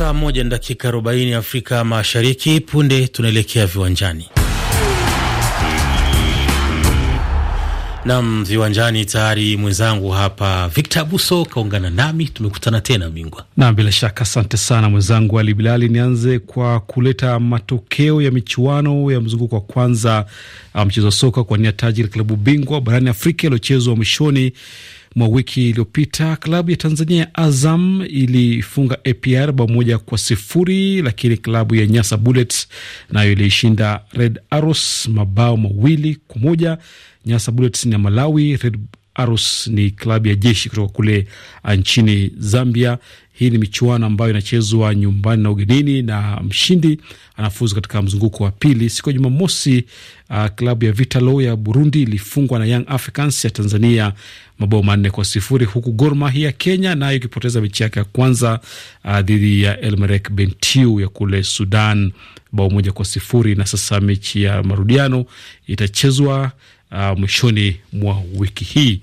Saa moja na dakika arobaini Afrika Mashariki. Punde tunaelekea viwanjani. Nam viwanjani tayari mwenzangu hapa Victor Buso kaungana nami, tumekutana tena Mingwa. Nam bila shaka, asante sana mwenzangu Ali Bilali. Nianze kwa kuleta matokeo ya michuano ya mzunguko wa kwanza um, mchezo wa soka kwa nia taji la klabu bingwa barani Afrika iliochezwa mwishoni mwa wiki iliyopita klabu ya Tanzania ya Azam ilifunga APR bao moja kwa sifuri, lakini klabu ya Nyasa Bullets nayo iliishinda Red Arrows mabao mawili kwa moja. Nyasa Bullets ni ya Malawi, Red Arrows ni klabu ya jeshi kutoka kule uh, nchini Zambia. Hii ni michuano ambayo inachezwa nyumbani na ugenini, na mshindi anafuzu katika mzunguko wa pili. Siku ya Jumamosi, uh, klabu ya Vitalo ya Burundi ilifungwa na Young Africans ya Tanzania mabao manne kwa sifuri huku Gor Mahia ya Kenya nayo ikipoteza mechi yake ya kwanza uh, dhidi ya Elmerek Bentiu ya kule Sudan bao moja kwa sifuri na sasa mechi ya marudiano itachezwa uh, mwishoni mwa wiki hii.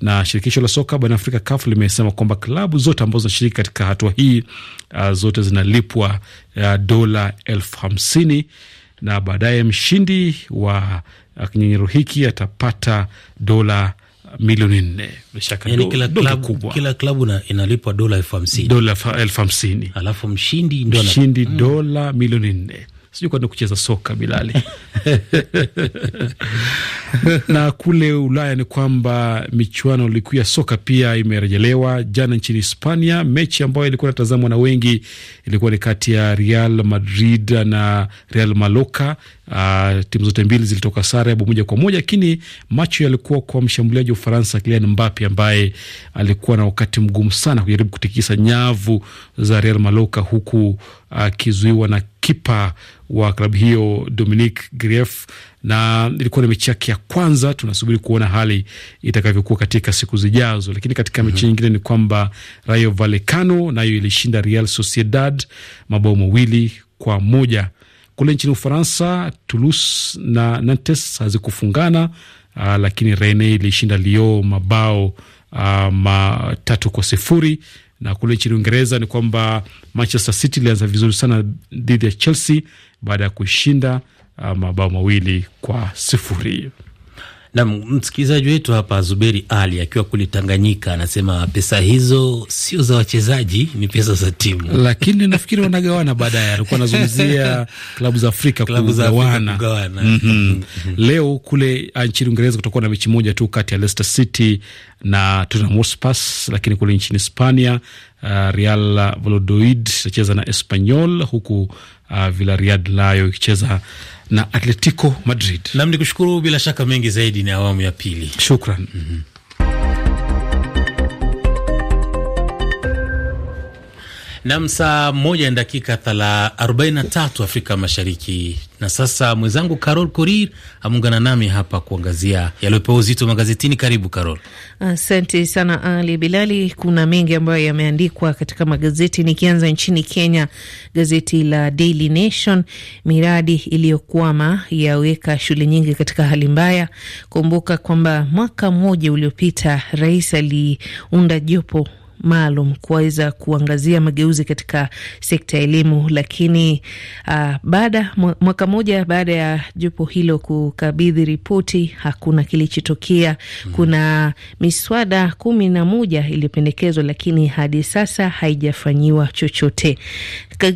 Na shirikisho la soka barani Afrika CAF limesema kwamba klabu zote ambazo zinashiriki katika hatua hii uh, zote zinalipwa uh, dola elfu hamsini na baadaye mshindi wa uh, kinyenyero hiki atapata dola milioni nne. Yani kila klabu, kila klabu inalipwa dola elfu hamsini, dola elfu hamsini, alafu mshindi, mshindi mm. dola milioni nne sijui kwani kucheza soka Bilali. na kule Ulaya ni kwamba michuano likuu ya soka pia imerejelewa jana nchini Hispania. Mechi ambayo ilikuwa inatazamwa na wengi ilikuwa ni kati ya Real Madrid na Real Maloka Uh, timu zote mbili zilitoka sare bao moja kwa moja, lakini macho yalikuwa kwa mshambuliaji wa Ufaransa Kylian Mbappe ambaye alikuwa na wakati mgumu sana kujaribu kutikisa nyavu za Real Mallorca huku akizuiwa uh, na kipa wa klabu hiyo Dominic Grief, na ilikuwa ni mechi yake ya kwanza. Tunasubiri kuona hali itakavyokuwa katika siku zijazo, lakini katika mm -hmm. mechi mhm. nyingine ni kwamba Rayo Vallecano nayo ilishinda Real Sociedad mabao mawili kwa moja kule nchini Ufaransa, Toulouse na Nantes hazikufungana, ah, lakini rene ilishinda Lyon mabao Uh, matatu kwa sifuri. Na kule nchini Uingereza ni kwamba Manchester City ilianza vizuri sana dhidi ya Chelsea baada ya kuishinda uh, mabao mawili kwa sifuri. Na msikilizaji wetu hapa Zuberi Ali akiwa kule Tanganyika anasema pesa hizo sio za wachezaji, ni pesa za timu, lakini nafikiri wanagawana baadaye. Alikuwa anazungumzia klabu za Afrika kugawana. mm -hmm. Leo kule ah, nchini Uingereza kutakuwa na mechi moja tu kati ya Leicester City na Tottenham Hotspur, lakini kule nchini Hispania uh, ah, Real Valladolid itacheza na Espanyol huku uh, Villarreal nayo ikicheza na Atletico Madrid. Nam ni kushukuru bila shaka mengi zaidi ni awamu ya pili, shukran. mm -hmm. Nam, saa moja na dakika 43 Afrika Mashariki. Na sasa mwenzangu Carol Korir ameungana nami hapa kuangazia yaliyopewa uzito magazetini. Karibu Carol. Asante sana Ali Bilali. Kuna mengi ambayo yameandikwa katika magazeti, nikianza nchini Kenya, gazeti la Daily Nation, miradi iliyokwama yaweka shule nyingi katika hali mbaya. Kumbuka kwamba mwaka mmoja uliopita rais aliunda jopo maalum kuweza kuangazia mageuzi katika sekta ya elimu. Lakini uh, baada mwaka mmoja baada ya jopo hilo kukabidhi ripoti, hakuna kilichotokea. Mm-hmm. Kuna miswada kumi na moja iliyopendekezwa, lakini hadi sasa haijafanyiwa chochote.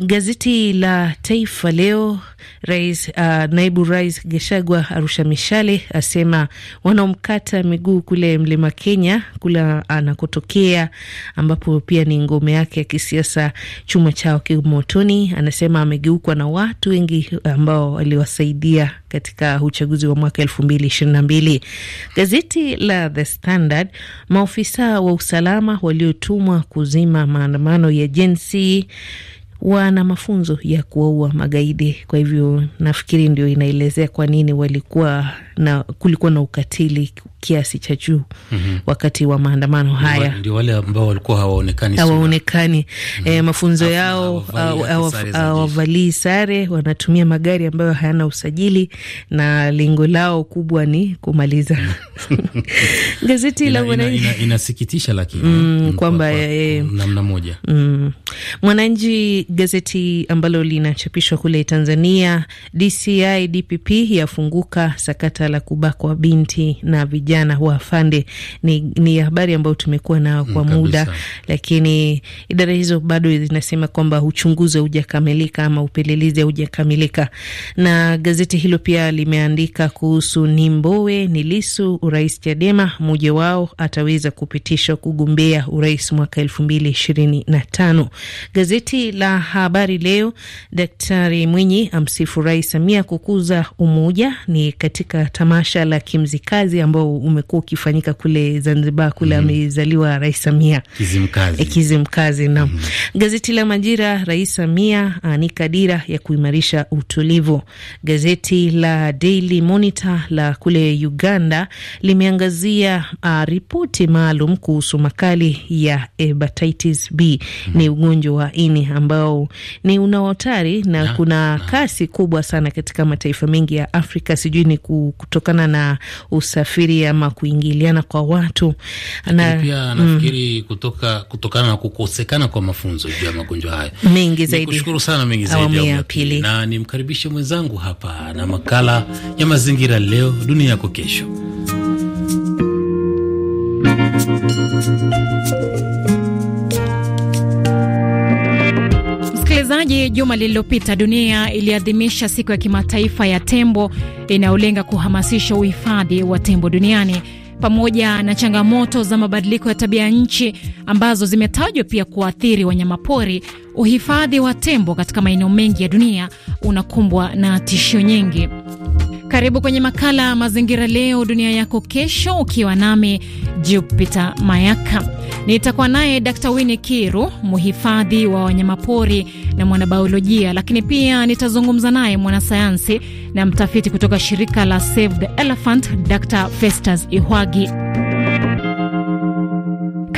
Gazeti la Taifa Leo, rais uh, naibu rais Geshagwa arusha mishale asema wanaomkata miguu kule mlima Kenya kula anakotokea ambapo pia ni ngome yake ya kisiasa, chuma chao kimotoni. Anasema amegeukwa na watu wengi ambao waliwasaidia katika uchaguzi wa mwaka elfu mbili ishirini na mbili. Gazeti la The Standard, maofisa wa usalama waliotumwa kuzima maandamano ya jinsi wana mafunzo ya kuwaua magaidi. Kwa hivyo nafikiri ndio inaelezea kwa nini walikuwa na kulikuwa na ukatili kiasi cha juu mm -hmm. Wakati wa maandamano haya ndio wale ambao walikuwa hawaonekani hawaonekani. mm -hmm. E, mafunzo yao hawavalii sare, wanatumia magari ambayo hayana usajili na lengo lao kubwa ni kumaliza mm. gazeti la Mwananchi. Ina, ina, inasikitisha lakini mm, mm kwamba e, namna moja mm. Mwananchi gazeti ambalo linachapishwa kule Tanzania, DCI DPP yafunguka sakata la kubakwa binti na vijana vijana afande Ni, ni habari ambayo tumekuwa nayo kwa mm, muda kabisa. Lakini idara hizo bado zinasema kwamba uchunguzi haujakamilika ama upelelezi haujakamilika. Na gazeti hilo pia limeandika kuhusu ni Mbowe ni Lisu urais Chadema, mmoja wao ataweza kupitishwa kugombea urais mwaka elfu mbili ishirini na tano. Gazeti la Habari Leo, Daktari Mwinyi amsifu Rais Samia kukuza umoja, ni katika tamasha la Kimzikazi ambao umekuwa ukifanyika kule Zanzibar kule mm -hmm. amezaliwa Rais Samia Kizimkazi, e, Kizimkazi na mm -hmm. gazeti la Majira, Rais Samia anika ah, dira ya kuimarisha utulivu. Gazeti la Daily Monitor la kule Uganda limeangazia uh, ripoti maalum kuhusu makali ya hepatitis B mm -hmm. ni ugonjwa wa ini ambao ni una hatari na na kuna na kasi kubwa sana katika mataifa mengi ya Afrika, sijui ni kutokana na usafiri ama kuingiliana kwa watu ana, pia mm. nafikiri mm, kutoka kutokana na kukosekana kwa mafunzo juu ya magonjwa haya mengi zaidi. Nikushukuru sana mengi zaidi ya pili, na nimkaribishe mwenzangu hapa na makala ya mazingira leo dunia yako kesho. Msikilizaji, juma lililopita dunia iliadhimisha siku ya kimataifa ya tembo inayolenga kuhamasisha uhifadhi wa tembo duniani pamoja na changamoto za mabadiliko ya tabia nchi ambazo zimetajwa pia kuathiri wanyamapori. Uhifadhi wa tembo katika maeneo mengi ya dunia unakumbwa na tishio nyingi. Karibu kwenye makala Mazingira Leo Dunia Yako Kesho, ukiwa nami Jupiter Mayaka. Nitakuwa naye Dr Winnie Kiru, mhifadhi wa wanyamapori na mwanabiolojia, lakini pia nitazungumza naye mwanasayansi na mtafiti kutoka shirika la Save the Elephant, Dr Festus Ihwagi.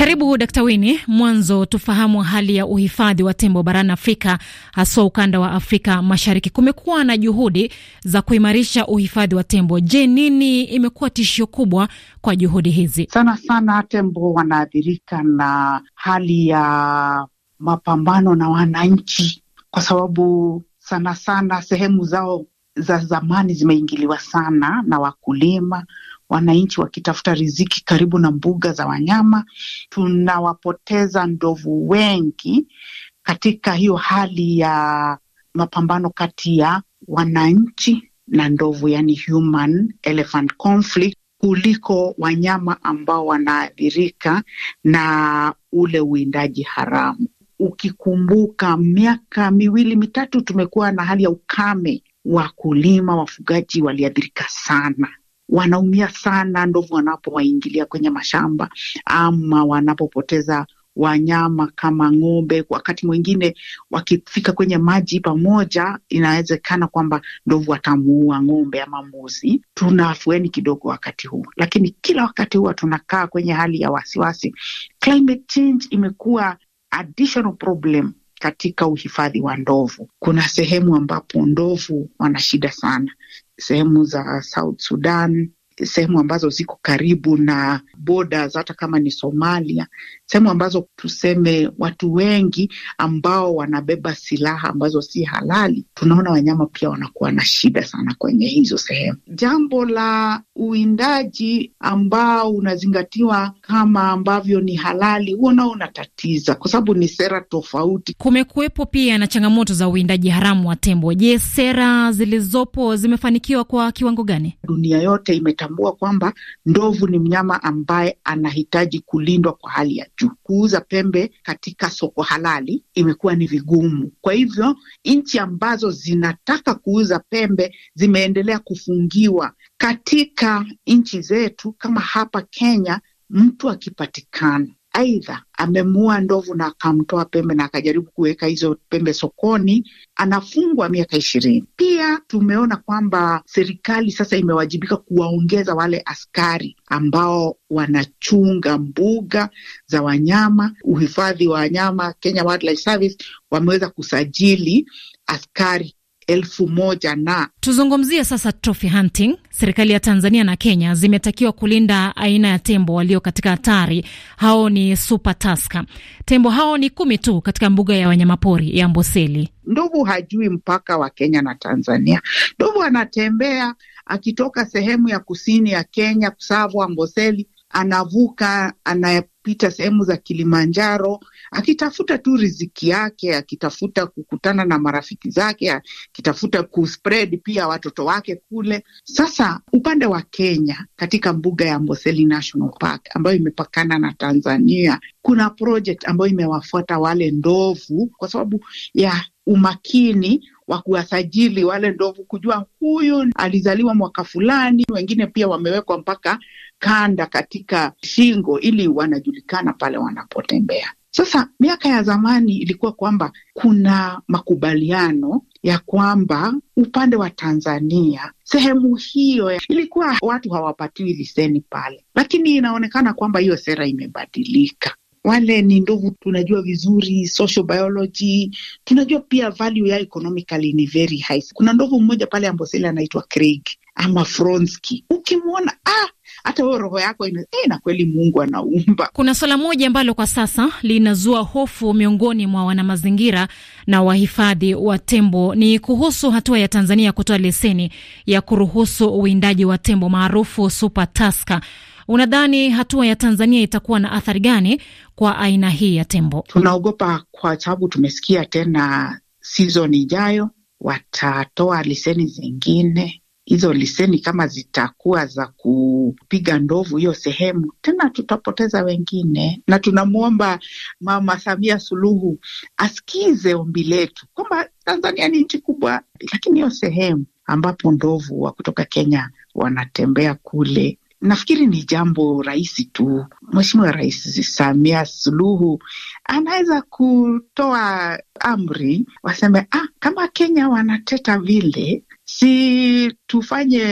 Karibu Dkt. Wini. Mwanzo tufahamu hali ya uhifadhi wa tembo barani Afrika, haswa ukanda wa Afrika Mashariki. Kumekuwa na juhudi za kuimarisha uhifadhi wa tembo. Je, nini imekuwa tishio kubwa kwa juhudi hizi? Sana sana tembo wanaathirika na hali ya mapambano na wananchi, kwa sababu sana sana sehemu zao za zamani zimeingiliwa sana na wakulima wananchi wakitafuta riziki karibu na mbuga za wanyama. Tunawapoteza ndovu wengi katika hiyo hali ya mapambano kati ya wananchi na ndovu, yani human elephant conflict, kuliko wanyama ambao wanaathirika na ule uwindaji haramu. Ukikumbuka miaka miwili mitatu, tumekuwa na hali ya ukame, wakulima wafugaji waliathirika sana wanaumia sana ndovu wanapowaingilia kwenye mashamba ama wanapopoteza wanyama kama ng'ombe. Wakati mwingine wakifika kwenye maji pamoja, inawezekana kwamba ndovu atamuua ng'ombe ama mbuzi. Tuna afueni kidogo wakati huu, lakini kila wakati huwa tunakaa kwenye hali ya wasiwasi. Climate change imekuwa additional problem katika uhifadhi wa ndovu. Kuna sehemu ambapo ndovu wana shida sana, sehemu za South Sudan, sehemu ambazo ziko karibu na borders, hata kama ni Somalia sehemu ambazo tuseme watu wengi ambao wanabeba silaha ambazo si halali, tunaona wanyama pia wanakuwa na shida sana kwenye hizo sehemu. Jambo la uwindaji ambao unazingatiwa kama ambavyo ni halali, huo nao unatatiza kwa sababu ni sera tofauti. Kumekuwepo pia na changamoto za uwindaji haramu wa tembo. Je, sera zilizopo zimefanikiwa kwa kiwango gani? Dunia yote imetambua kwamba ndovu ni mnyama ambaye anahitaji kulindwa kwa hali ya kuuza pembe katika soko halali imekuwa ni vigumu. Kwa hivyo nchi ambazo zinataka kuuza pembe zimeendelea kufungiwa. Katika nchi zetu kama hapa Kenya, mtu akipatikana aidha amemuua ndovu na akamtoa pembe na akajaribu kuweka hizo pembe sokoni, anafungwa miaka ishirini. Pia tumeona kwamba serikali sasa imewajibika kuwaongeza wale askari ambao wanachunga mbuga za wanyama, uhifadhi wa wanyama. Kenya Wildlife Service wameweza kusajili askari elfu moja na tuzungumzie sasa trophy hunting. Serikali ya Tanzania na Kenya zimetakiwa kulinda aina ya tembo walio katika hatari. Hao ni super tusker. Tembo hao ni kumi tu katika mbuga ya wanyamapori ya Amboseli. Ndovu hajui mpaka wa Kenya na Tanzania. Ndovu anatembea akitoka sehemu ya kusini ya Kenya, Tsavo, Amboseli, anavuka anapita sehemu za Kilimanjaro akitafuta tu riziki yake, akitafuta kukutana na marafiki zake, akitafuta kuspread pia watoto wake kule. Sasa upande wa Kenya, katika mbuga ya Amboseli National Park ambayo imepakana na Tanzania, kuna project ambayo imewafuata wale ndovu kwa sababu ya umakini wa kuwasajili wale ndovu, kujua huyu alizaliwa mwaka fulani. Wengine pia wamewekwa mpaka kanda katika shingo ili wanajulikana pale wanapotembea. Sasa miaka ya zamani ilikuwa kwamba kuna makubaliano ya kwamba upande wa Tanzania sehemu hiyo ilikuwa watu hawapatiwi liseni pale, lakini inaonekana kwamba hiyo sera imebadilika. Wale ni ndovu, tunajua vizuri social biology, tunajua pia value ya economically ni very high. Kuna ndovu mmoja pale Amboseli anaitwa Craig ama Fronski, ukimwona ah, hata huyo roho yako ina, eh, na kweli Mungu anaumba. Kuna swala moja ambalo kwa sasa linazua hofu miongoni mwa wanamazingira na wahifadhi wa tembo ni kuhusu hatua ya Tanzania kutoa leseni ya kuruhusu uwindaji wa tembo maarufu super taska. Unadhani hatua ya Tanzania itakuwa na athari gani kwa aina hii ya tembo? Tunaogopa kwa sababu tumesikia tena, season ijayo watatoa leseni zingine hizo leseni kama zitakuwa za kupiga ndovu hiyo sehemu tena, tutapoteza wengine, na tunamwomba Mama Samia Suluhu asikize ombi letu kwamba Tanzania ni nchi kubwa, lakini hiyo sehemu ambapo ndovu wa kutoka Kenya wanatembea kule Nafikiri ni jambo rahisi tu. Mheshimiwa Rais Samia Suluhu anaweza kutoa amri, waseme ah, kama Kenya wanateta vile, si tufanye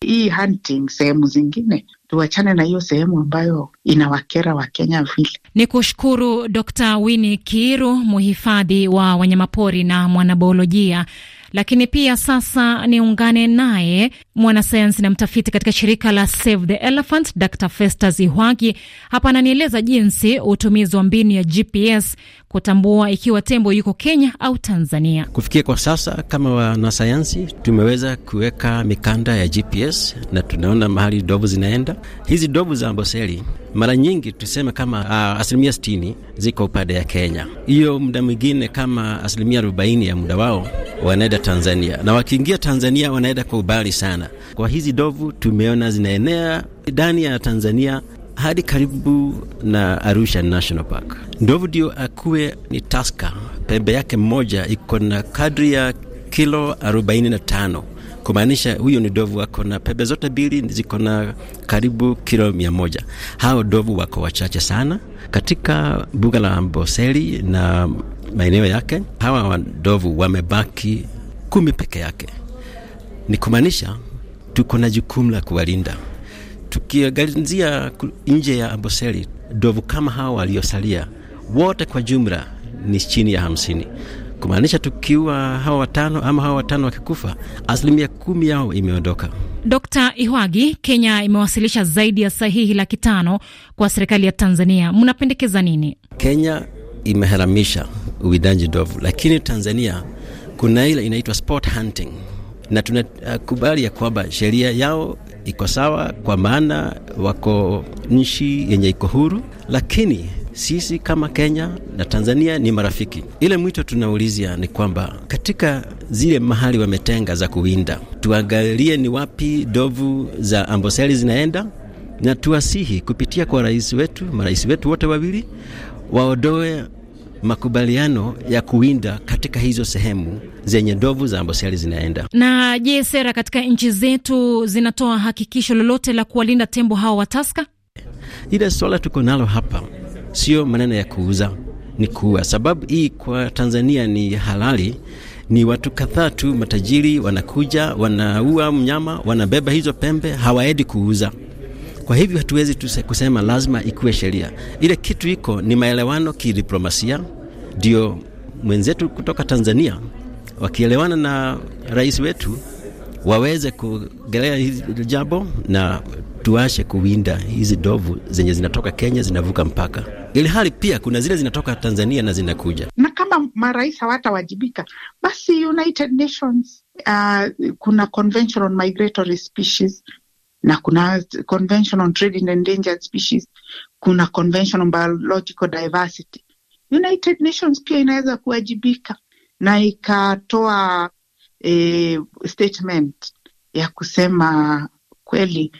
hii hunting sehemu zingine tuachane na hiyo sehemu ambayo inawakera Wakenya vile. Ni kushukuru Dr Winnie Kiiru, mhifadhi wa wanyamapori na mwanabiolojia lakini pia sasa niungane naye mwanasayansi na mtafiti katika shirika la Save the Elephant, Dr Festus Ihwagi. Hapa ananieleza jinsi utumizi wa mbinu ya GPS kutambua ikiwa tembo yuko Kenya au Tanzania. Kufikia kwa sasa, kama wanasayansi tumeweza kuweka mikanda ya GPS na tunaona mahali dovu zinaenda. Hizi dovu za Amboseli mara nyingi tuseme kama uh, asilimia sitini ziko upande ya Kenya. Hiyo muda mwingine kama asilimia arobaini ya muda wao wanaenda Tanzania, na wakiingia Tanzania wanaenda kwa ubali sana. Kwa hizi ndovu tumeona zinaenea ndani ya Tanzania hadi karibu na Arusha National Park. Ndovu ndio akuwe ni taska, pembe yake mmoja iko na kadri ya kilo 45 kumaanisha huyo ni dovu wako, na pembe zote mbili ziko na karibu kilo mia moja. Hao dovu wako wachache sana katika mbuga la Amboseli na maeneo yake. Hawa wadovu wamebaki kumi peke yake, ni kumaanisha tuko na jukumu la kuwalinda. Tukiangazia nje ya Amboseli, dovu kama hawa waliosalia wote kwa jumla ni chini ya hamsini kumaanisha tukiwa hawa watano ama hawa watano wakikufa, asilimia kumi yao imeondoka. Dkt Ihwagi, Kenya imewasilisha zaidi ya sahihi laki tano kwa serikali ya Tanzania. Mnapendekeza nini? Kenya imeharamisha uwindaji ndovu, lakini Tanzania kuna ile inaitwa sport hunting na tunakubali ya kwamba sheria yao iko sawa, kwa maana wako nchi yenye iko huru, lakini sisi kama Kenya na Tanzania ni marafiki. Ile mwito tunaulizia ni kwamba katika zile mahali wametenga za kuwinda, tuangalie ni wapi dovu za Amboseli zinaenda, na tuwasihi kupitia kwa rais wetu, marais wetu wote wawili waondoe makubaliano ya kuwinda katika hizo sehemu zenye ndovu za Amboseli zinaenda. Na je, sera katika nchi zetu zinatoa hakikisho lolote la kuwalinda tembo hao wa Taska? Ile swala tuko nalo hapa sio maneno ya kuuza, ni kuua. Sababu hii kwa Tanzania ni halali ni watu kadhaa tu matajiri wanakuja, wanaua mnyama, wanabeba hizo pembe, hawaendi kuuza. Kwa hivyo hatuwezi kusema lazima ikuwe sheria. Ile kitu iko ni maelewano kidiplomasia, ndio mwenzetu kutoka Tanzania wakielewana na rais wetu waweze kugelea hili jambo na tuache kuwinda hizi ndovu zenye zinatoka Kenya zinavuka mpaka, ili hali pia kuna zile zinatoka Tanzania na zinakuja. Na kama marais hawatawajibika basi United Nations, uh, kuna Convention on Migratory Species na kuna Convention on Trade in Endangered Species, kuna Convention on Biological Diversity. United Nations pia inaweza kuwajibika na ikatoa e, statement ya kusema kweli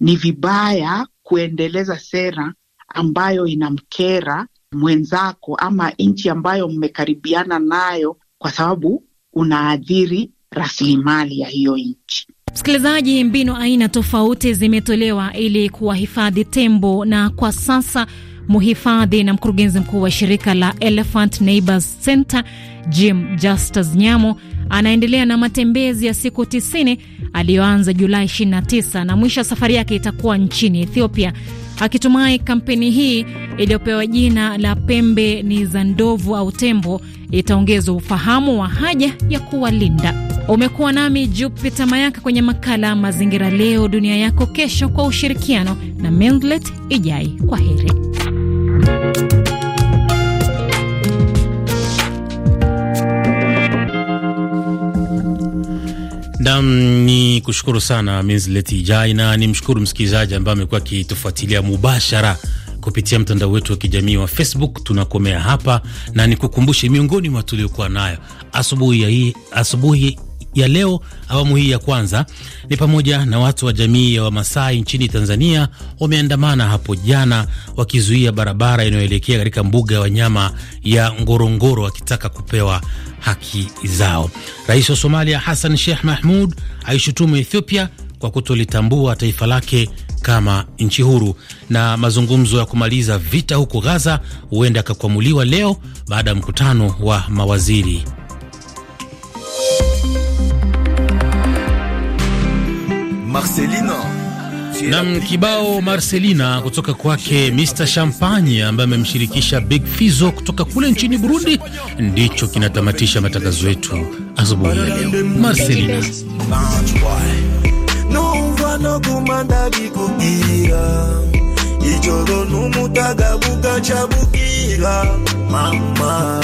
ni vibaya kuendeleza sera ambayo inamkera mwenzako ama nchi ambayo mmekaribiana nayo, kwa sababu unaathiri rasilimali ya hiyo nchi. Msikilizaji, mbinu aina tofauti zimetolewa ili kuwahifadhi tembo, na kwa sasa mhifadhi na mkurugenzi mkuu wa shirika la Elephant Neighbors Center Jim Justus Nyamo anaendelea na matembezi ya siku 90 aliyoanza Julai 29 na mwisho wa safari yake itakuwa nchini Ethiopia, akitumai kampeni hii iliyopewa jina la pembe ni za ndovu au tembo itaongeza ufahamu wa haja ya kuwalinda. Umekuwa nami Jupita Mayaka kwenye makala Mazingira Leo Dunia Yako Kesho, kwa ushirikiano na Mindlet Ijai. Kwa heri. Nam ni kushukuru sana Mindlet Ijai, na ni mshukuru msikilizaji ambaye amekuwa akitufuatilia mubashara kupitia mtandao wetu wa kijamii wa Facebook. Tunakomea hapa na nikukumbushe miongoni mwa tuliokuwa nayo asubuhi ya hii asubuhi ya leo awamu hii ya kwanza ni pamoja na watu wa jamii ya Wamasai nchini Tanzania wameandamana hapo jana wakizuia barabara inayoelekea katika mbuga ya wanyama ya Ngorongoro wakitaka kupewa haki zao. Rais wa Somalia Hassan Sheikh Mahmud aishutumu Ethiopia kwa kutolitambua taifa lake kama nchi huru. Na mazungumzo ya kumaliza vita huko Gaza huenda akakwamuliwa leo baada ya mkutano wa mawaziri Marcelino nam kibao Marcelina kutoka kwake Mr Champagne ambaye amemshirikisha Big Fizo kutoka kule nchini Burundi, ndicho kinatamatisha matangazo yetu asubuhi ya leo. Marcelina Mama,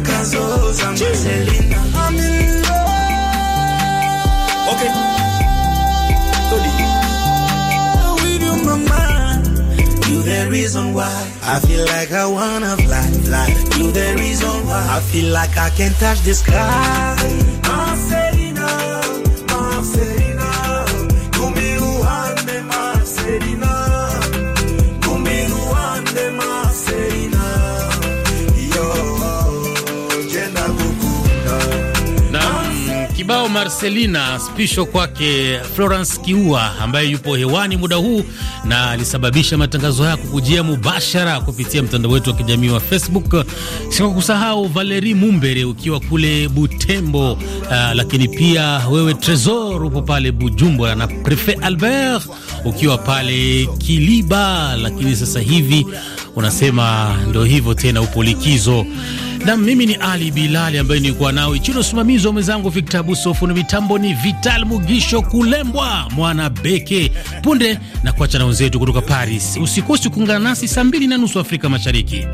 like a Zozo I'm in love. Okay. With you, mama. You the reason why I feel like I wanna fly, fly. You the reason why I feel like I can touch the sky. Marcelina spisho kwake Florence Kiua ambaye yupo hewani muda huu na alisababisha matangazo haya kukujia mubashara kupitia mtandao wetu wa kijamii wa Facebook. kusahau Valeri Mumbere ukiwa kule Butembo, uh, lakini pia wewe Tresor upo pale Bujumbura na Prefet Albert ukiwa pale Kiliba, lakini sasa hivi unasema ndio hivyo tena, upo likizo na mimi ni Ali Bilali ambaye nilikuwa nawe chini usimamizi wa mwenzangu Victor Busofu na mitambo ni Vital Mugisho Kulembwa mwana beke punde na kuacha na wenzetu kutoka Paris. Usikosi kuungana nasi saa mbili na nusu Afrika Mashariki.